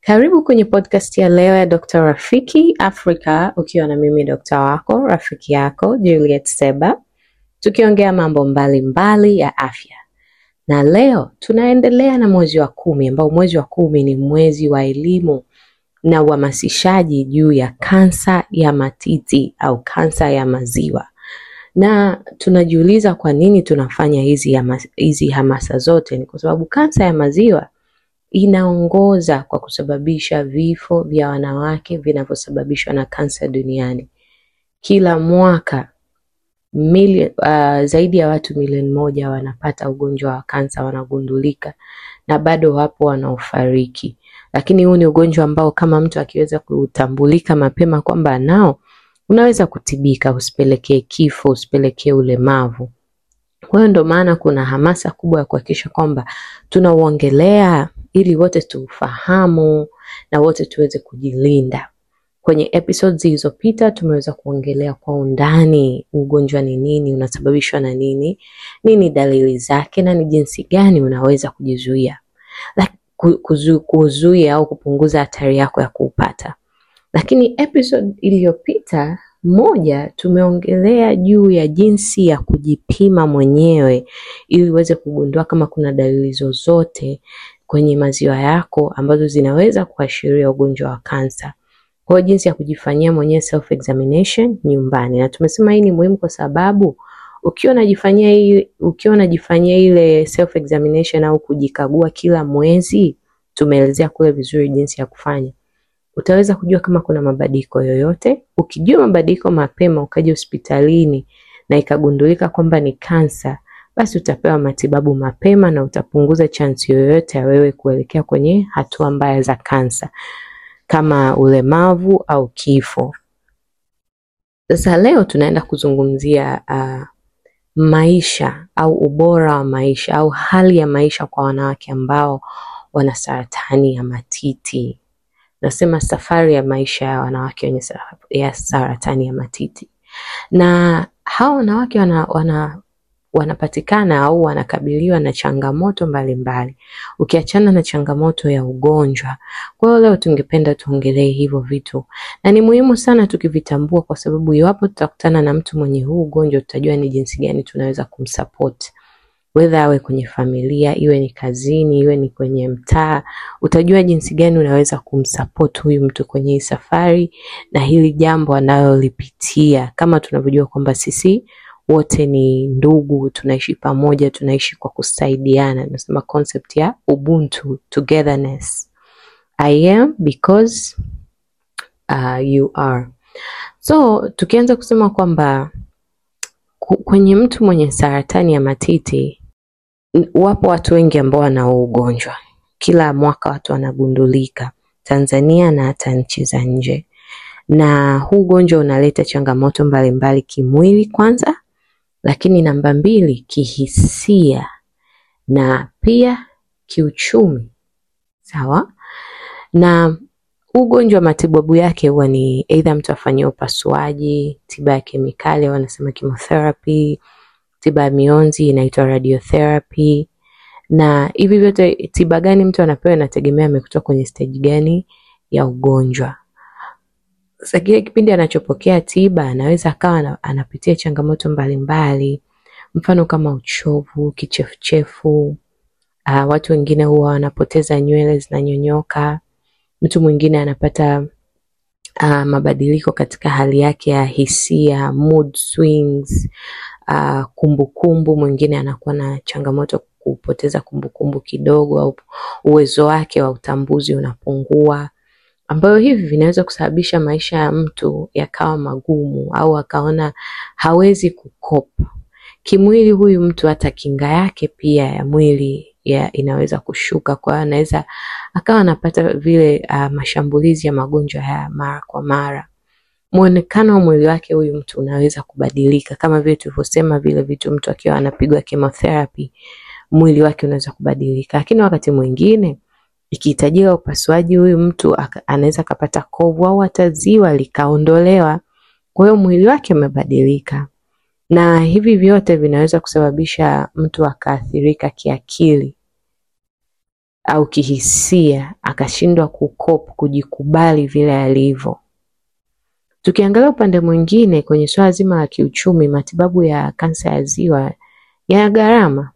Karibu kwenye podcast ya leo ya Dr. Rafiki Afrika, ukiwa na mimi dokta wako rafiki yako Juliet Seba, tukiongea mambo mbalimbali mbali ya afya. Na leo tunaendelea na mwezi wa kumi, ambao mwezi wa kumi ni mwezi wa elimu na uhamasishaji juu ya kansa ya matiti au kansa ya maziwa na tunajiuliza kwa nini tunafanya hizi hamasa zote? Ni kwa sababu kansa ya maziwa inaongoza kwa kusababisha vifo vya wanawake vinavyosababishwa na kansa duniani. Kila mwaka mili, uh, zaidi ya watu milioni moja wanapata ugonjwa wa kansa, wanagundulika na bado wapo wanaofariki. Lakini huu ni ugonjwa ambao kama mtu akiweza kutambulika mapema kwamba nao unaweza kutibika, usipelekee kifo, usipelekee ulemavu. Kwa hiyo ndio maana kuna hamasa kubwa ya kuhakikisha kwamba tunauongelea ili wote tuufahamu na wote tuweze kujilinda. Kwenye episodes zilizopita tumeweza kuongelea kwa undani ugonjwa ni nini, unasababishwa na nini, nini dalili zake, na ni jinsi gani unaweza kujizuia kuzu, kuzuia au kupunguza hatari yako ya kuupata. Lakini episode iliyopita moja, tumeongelea juu ya jinsi ya kujipima mwenyewe ili uweze kugundua kama kuna dalili zozote kwenye maziwa yako ambazo zinaweza kuashiria ugonjwa wa kansa. Kwa hiyo jinsi ya kujifanyia mwenyewe self examination nyumbani, na tumesema hii ni muhimu kwa sababu ukiwa unajifanyia hii ukiwa unajifanyia ile self examination au kujikagua kila mwezi, tumeelezea kule vizuri jinsi ya kufanya, utaweza kujua kama kuna mabadiliko yoyote. Ukijua mabadiliko mapema, ukaja hospitalini na ikagundulika kwamba ni kansa, basi utapewa matibabu mapema na utapunguza chansi yoyote ya wewe kuelekea kwenye hatua mbaya za kansa kama ulemavu au kifo. Sasa leo tunaenda kuzungumzia uh, maisha au ubora wa maisha au hali ya maisha kwa wanawake ambao wana saratani ya matiti. Nasema safari ya maisha ya wanawake wenye saratani ya matiti, na hawa wanawake wana, wana wanapatikana au wanakabiliwa na changamoto mbalimbali, ukiachana na changamoto ya ugonjwa. Kwa hiyo leo tungependa tuongelee hivyo vitu, na ni muhimu sana tukivitambua, kwa sababu iwapo tutakutana na mtu mwenye huu ugonjwa, tutajua ni jinsi gani tunaweza kumsupport wedha awe kwenye familia, iwe ni kazini, iwe ni kwenye mtaa, utajua jinsi gani unaweza kumsupport huyu mtu kwenye hii safari na hili jambo analolipitia, kama tunavyojua kwamba sisi wote ni ndugu, tunaishi pamoja, tunaishi kwa kusaidiana. Nasema concept ya ubuntu, togetherness. I am because uh, you are. So tukianza kusema kwamba kwenye mtu mwenye saratani ya matiti wapo watu wengi ambao wana ugonjwa. Kila mwaka watu wanagundulika Tanzania na hata nchi za nje, na huu ugonjwa unaleta changamoto mbalimbali mbali, kimwili kwanza, lakini namba mbili, kihisia na pia kiuchumi, sawa. Na ugonjwa matibabu yake huwa ni aidha mtu afanyie upasuaji, tiba ya kemikali wanasema chemotherapy, tiba ya mionzi inaitwa radiotherapy na hivi vyote tiba gani mtu anapewa inategemea amekutwa kwenye stage gani ya ugonjwa. Sasa kile kipindi anachopokea tiba anaweza akawa anapitia changamoto mbalimbali, mfano kama uchovu, kichefuchefu. Uh, watu wengine huwa wanapoteza nywele zinanyonyoka. Mtu mwingine anapata uh, mabadiliko katika hali yake ya hisia, mood swings, uh, kumbukumbu. Mwingine anakuwa na changamoto kupoteza kumbukumbu kumbu kidogo, au uwezo wake wa utambuzi unapungua ambayo hivi vinaweza kusababisha maisha ya mtu yakawa magumu au akaona hawezi kukopa kimwili. Huyu mtu hata kinga yake pia ya mwili ya inaweza kushuka, kwa hiyo anaweza akawa anapata vile uh, mashambulizi ya magonjwa haya mara kwa mara. Muonekano wa mwili wake huyu mtu unaweza kubadilika, kama vile tulivyosema vile vitu, mtu akiwa anapigwa chemotherapy mwili wake unaweza kubadilika, lakini wakati mwingine Ikihitajika upasuaji huyu mtu anaweza akapata kovu au hata ziwa likaondolewa, kwa hiyo mwili wake umebadilika, na hivi vyote vinaweza kusababisha mtu akaathirika kiakili au kihisia, akashindwa kukop kujikubali vile alivyo. Tukiangalia upande mwingine kwenye swala zima la kiuchumi, matibabu ya kansa ya ziwa yana gharama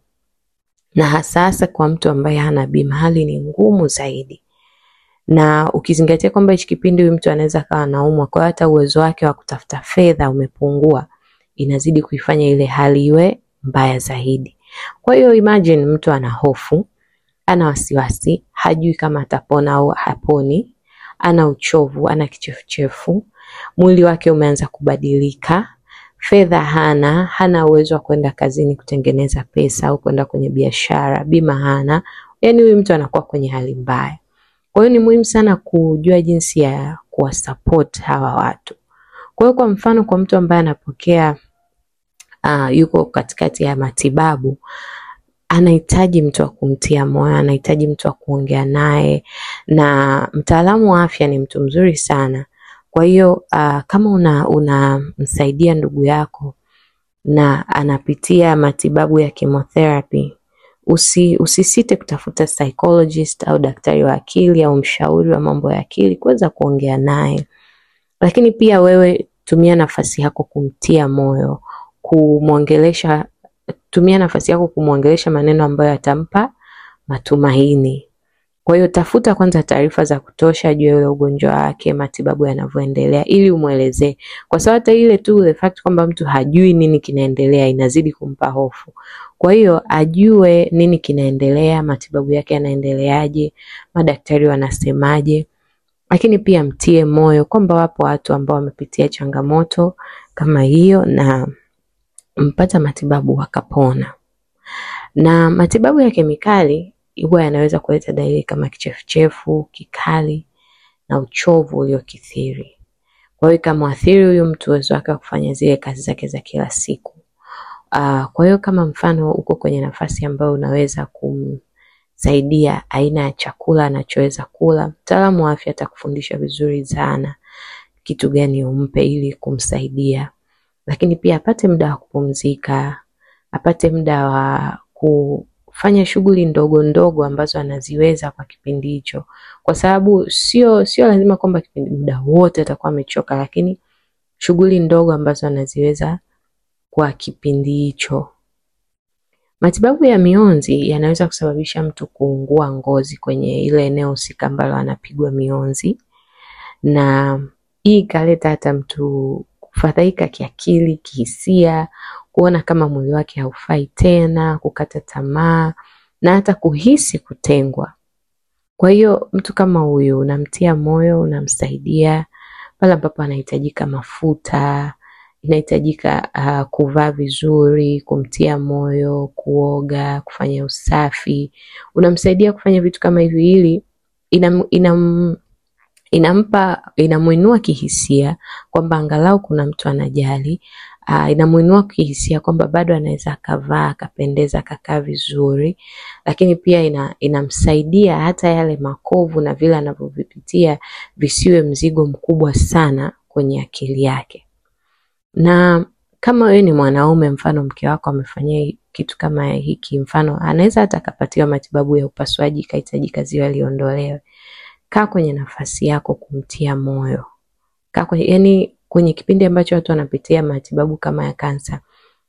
na hasahasa kwa mtu ambaye hana bima, hali ni ngumu zaidi, na ukizingatia kwamba hichi kipindi huyu mtu anaweza kawa anaumwa, kwa hiyo hata uwezo wake wa kutafuta fedha umepungua, inazidi kuifanya ile hali iwe mbaya zaidi. Kwa hiyo imagine mtu ana hofu, ana wasiwasi, hajui kama atapona au haponi, ana uchovu, ana kichefuchefu, mwili wake umeanza kubadilika fedha hana, hana uwezo wa kwenda kazini kutengeneza pesa au kwenda kwenye biashara, bima hana, yani huyu mtu anakuwa kwenye hali mbaya. Kwa hiyo ni muhimu sana kujua jinsi ya kuwasupport hawa watu. Kwa hiyo kwa mfano, kwa mtu ambaye anapokea uh, yuko katikati ya matibabu anahitaji mtu wa kumtia moyo, anahitaji mtu wa kuongea naye, na mtaalamu wa afya ni mtu mzuri sana kwa hiyo uh, kama unamsaidia una ndugu yako na anapitia matibabu ya chemotherapy, usi, usisite kutafuta psychologist au daktari wa akili au mshauri wa mambo ya akili kuweza kuongea naye. Lakini pia wewe tumia nafasi yako kumtia moyo, kumwongelesha, tumia nafasi yako kumwongelesha maneno ambayo yatampa matumaini. Kwa hiyo tafuta kwanza taarifa za kutosha juu ya ule ugonjwa wake, matibabu yanavyoendelea, ili umwelezee, kwa sababu hata ile tu the fact kwamba mtu hajui nini kinaendelea inazidi kumpa hofu. Kwa hiyo ajue nini kinaendelea, matibabu yake yanaendeleaje, madaktari wanasemaje, lakini pia mtie moyo kwamba wapo watu ambao wamepitia changamoto kama hiyo na mpata matibabu wakapona. Na matibabu ya kemikali huwa yanaweza kuleta dalili kama kichefuchefu kikali na uchovu uliokithiri. Kwa hiyo ikamwathiri huyu mtu uwezo wake wa kufanya zile kazi zake za kila siku. Uh, kwa hiyo kama mfano uko kwenye nafasi ambayo unaweza kumsaidia aina ya chakula anachoweza kula, mtaalamu wa afya atakufundisha vizuri sana kitu gani umpe ili kumsaidia, lakini pia apate muda wa kupumzika, apate muda wa ku fanya shughuli ndogo ndogo ambazo anaziweza kwa kipindi hicho, kwa sababu sio sio lazima kwamba kipindi muda wote atakuwa amechoka, lakini shughuli ndogo ambazo anaziweza kwa kipindi hicho. Matibabu ya mionzi yanaweza kusababisha mtu kuungua ngozi kwenye ile eneo husika ambalo anapigwa mionzi, na hii ikaleta hata mtu kufadhaika kiakili, kihisia, kuona kama mwili wake haufai tena, kukata tamaa na hata kuhisi kutengwa. Kwa hiyo mtu kama huyu unamtia moyo, unamsaidia pale ambapo anahitajika mafuta, inahitajika uh, kuvaa vizuri, kumtia moyo, kuoga, kufanya usafi, unamsaidia kufanya vitu kama hivi ili inam, inam, inampa inamwinua kihisia kwamba angalau kuna mtu anajali, uh, inamuinua kihisia kwamba bado anaweza akavaa akapendeza akakaa vizuri, lakini pia ina, inamsaidia hata yale makovu na vile anavyovipitia visiwe mzigo mkubwa sana kwenye akili yake. Na kama wewe ni mwanaume, mfano mke wako amefanyia kitu kama hiki, mfano anaweza hata akapatiwa matibabu ya upasuaji ikahitajika ziwa liondolewe. Kaa kwenye nafasi yako kumtia moyo, kaa kwenye, yani kwenye kipindi ambacho watu wanapitia matibabu kama ya kansa,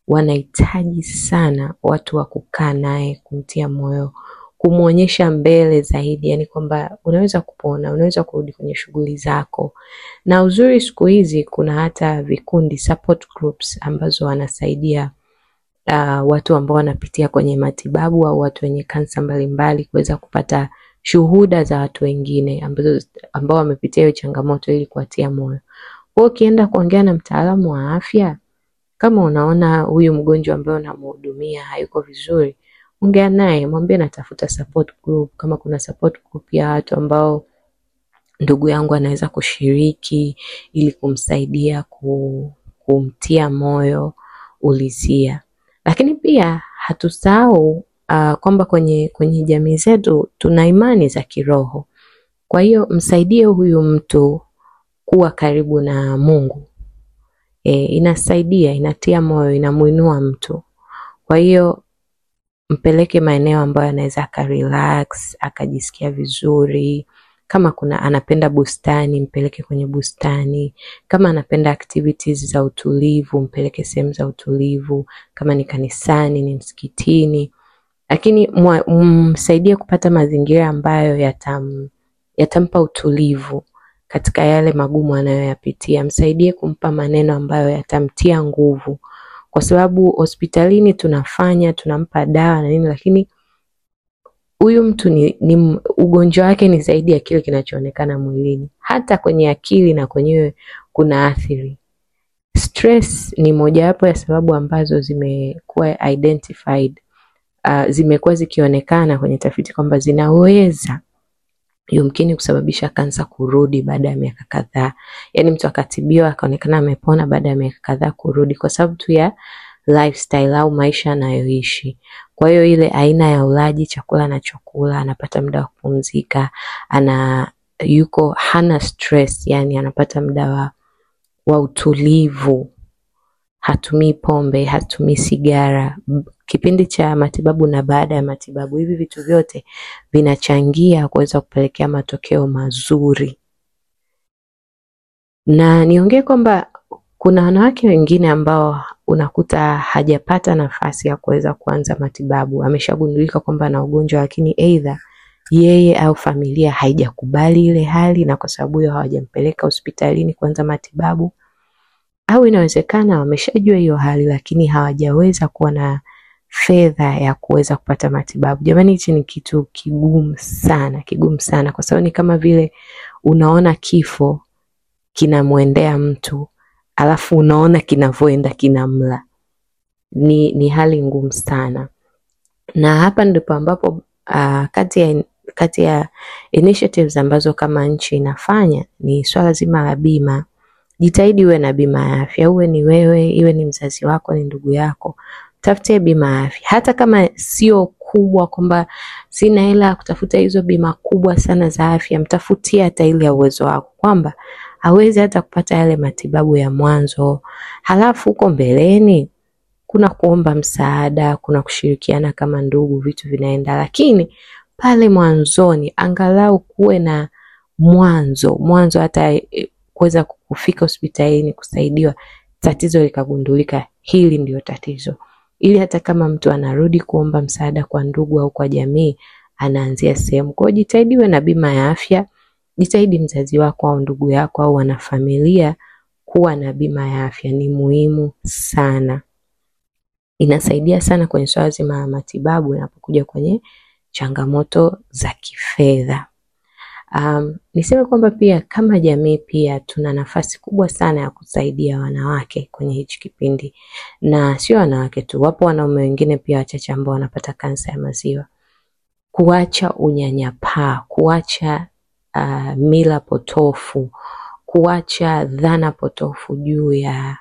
wanahitaji sana watu wa kukaa naye, kumtia moyo, kumwonyesha mbele zaidi, yani kwamba unaweza kupona, unaweza kurudi kwenye shughuli zako. Na uzuri siku hizi kuna hata vikundi support groups ambazo wanasaidia uh, watu ambao wanapitia kwenye matibabu au watu wenye kansa mbalimbali kuweza kupata shuhuda za watu wengine ambao wamepitia hiyo changamoto ili kuwatia moyo. Kwa ukienda kuongea na mtaalamu wa afya, kama unaona huyu mgonjwa ambaye unamhudumia hayuko vizuri, ongea naye, mwambie natafuta support group. Kama kuna support group ya watu ambao ndugu yangu anaweza kushiriki ili kumsaidia ku, kumtia moyo, ulizia. Lakini pia hatusahau uh, kwamba kwenye, kwenye jamii zetu tuna imani za kiroho. Kwa hiyo msaidie huyu mtu kuwa karibu na Mungu e, inasaidia, inatia moyo, inamuinua mtu. Kwa hiyo mpeleke maeneo ambayo anaweza akarelax, akajisikia vizuri. Kama kuna anapenda bustani, mpeleke kwenye bustani. Kama anapenda activities za utulivu, mpeleke sehemu za utulivu. Kama ni kanisani, ni msikitini, lakini msaidie kupata mazingira ambayo yatam, yatampa utulivu katika yale magumu anayoyapitia. Msaidie kumpa maneno ambayo yatamtia nguvu, kwa sababu hospitalini tunafanya tunampa dawa na nini, lakini huyu mtu ni, ni ugonjwa wake ni zaidi ya kile kinachoonekana mwilini. Hata kwenye akili na kwenyewe kuna athiri. Stress ni mojawapo ya sababu ambazo zimekuwa identified uh, zimekuwa zikionekana kwenye tafiti kwamba zinaweza yumkini kusababisha kansa kurudi baada ya miaka kadhaa. Yaani mtu akatibiwa akaonekana amepona, baada ya miaka kadhaa kurudi, kwa sababu tu ya lifestyle au maisha anayoishi. Kwa hiyo ile aina ya ulaji, chakula anachokula, anapata muda wa kupumzika, ana yuko hana stress, yani anapata muda wa, wa utulivu, hatumii pombe, hatumii sigara, kipindi cha matibabu na baada ya matibabu. Hivi vitu vyote vinachangia kuweza kupelekea matokeo mazuri, na niongee kwamba kuna wanawake wengine ambao unakuta hajapata nafasi ya kuweza kuanza matibabu, ameshagundulika kwamba ana ugonjwa, lakini aidha yeye au familia haijakubali ile hali, na kwa sababu hiyo hawajampeleka hospitalini kuanza matibabu, au inawezekana wameshajua hiyo hali, lakini hawajaweza kuwa na fedha ya kuweza kupata matibabu. Jamani, hichi ni kitu kigumu sana, kigumu sana, kwa sababu ni kama vile unaona kifo kinamwendea mtu alafu unaona kinavyoenda kinamla. Ni, ni hali ngumu sana, na hapa ndipo ambapo uh, kati ya kati ya initiatives ambazo kama nchi inafanya ni swala zima la bima. Jitahidi uwe na bima ya afya, uwe ni wewe, iwe ni mzazi wako, ni ndugu yako, tafute bima afya, hata kama sio kubwa kwamba sina hela ya kutafuta hizo bima kubwa sana za afya, mtafutie hata ile ya uwezo wako kwamba aweze hata kupata yale matibabu ya mwanzo, halafu huko mbeleni kuna kuomba msaada, kuna kushirikiana kama ndugu, vitu vinaenda. Lakini pale mwanzoni angalau kuwe na mwanzo mwanzo, hata eh, kuweza kufika hospitalini kusaidiwa, tatizo likagundulika, hili ndio tatizo ili hata kama mtu anarudi kuomba msaada kwa ndugu au kwa jamii, anaanzia sehemu. Kwa hiyo jitahidi uwe na bima ya afya, jitahidi mzazi wako au ndugu yako au wanafamilia kuwa na bima ya afya, ni muhimu sana, inasaidia sana kwenye swala zima la matibabu inapokuja kwenye changamoto za kifedha. Um, niseme kwamba pia kama jamii pia tuna nafasi kubwa sana ya kusaidia wanawake kwenye hichi kipindi, na sio wanawake tu, wapo wanaume wengine pia wachache ambao wanapata kansa ya maziwa. Kuacha unyanyapaa, kuacha uh, mila potofu, kuacha dhana potofu juu ya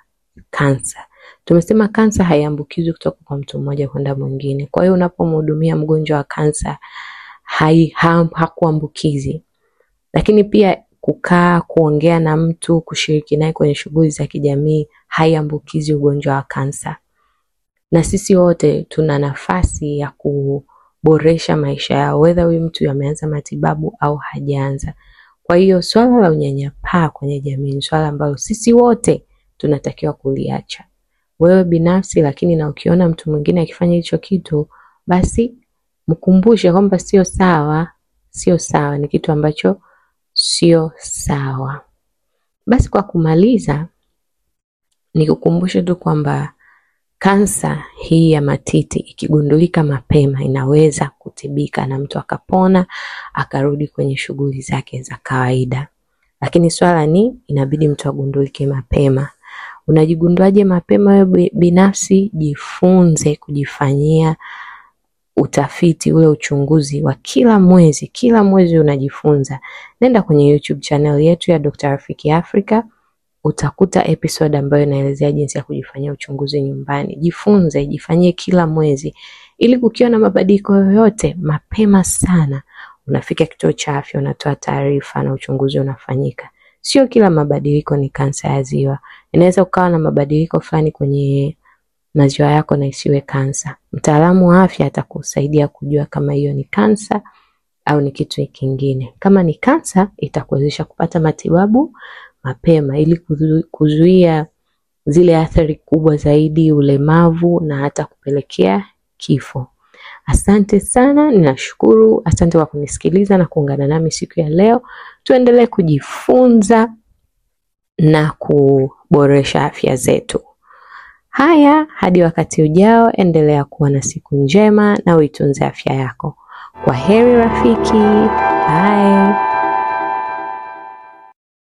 kansa. Tumesema kansa haiambukizwi kutoka kwa mtu mmoja kwenda mwingine. Kwa hiyo unapomhudumia mgonjwa wa kansa hai, ha, hakuambukizi lakini pia kukaa, kuongea na mtu, kushiriki naye kwenye shughuli za kijamii haiambukizi ugonjwa wa kansa, na sisi wote tuna nafasi ya kuboresha maisha yao, wedha huyu mtu ameanza matibabu au hajaanza. Kwa hiyo swala la unyanyapaa kwenye jamii ni swala ambalo sisi wote tunatakiwa kuliacha, wewe binafsi, lakini na ukiona mtu mwingine akifanya hicho kitu, basi mkumbushe kwamba sio sawa, sio sawa, ni kitu ambacho sio sawa. Basi kwa kumaliza, nikukumbushe tu kwamba kansa hii ya matiti ikigundulika mapema inaweza kutibika na mtu akapona akarudi kwenye shughuli zake za kawaida, lakini swala ni inabidi mtu agundulike mapema. Unajigunduaje mapema wewe binafsi? Jifunze kujifanyia utafiti ule uchunguzi wa kila mwezi, kila mwezi unajifunza. Nenda kwenye YouTube channel yetu ya Dr. Rafiki Africa utakuta episode ambayo inaelezea jinsi ya kujifanyia uchunguzi nyumbani. Jifunze, jifanyie kila mwezi, ili kukiwa na mabadiliko yoyote mapema sana unafika kituo cha afya, unatoa taarifa na uchunguzi unafanyika. Sio kila mabadiliko ni kansa ya ziwa, inaweza ukawa na mabadiliko fulani kwenye maziwa yako na isiwe kansa. Mtaalamu wa afya atakusaidia kujua kama hiyo ni kansa au ni kitu kingine. Kama ni kansa, itakuwezesha kupata matibabu mapema ili kuzuia zile athari kubwa zaidi, ulemavu na hata kupelekea kifo. Asante sana, ninashukuru. Asante kwa kunisikiliza na kuungana nami siku ya leo. Tuendelee kujifunza na kuboresha afya zetu. Haya, hadi wakati ujao, endelea kuwa na siku njema na uitunze afya yako. Kwa heri rafiki, bye.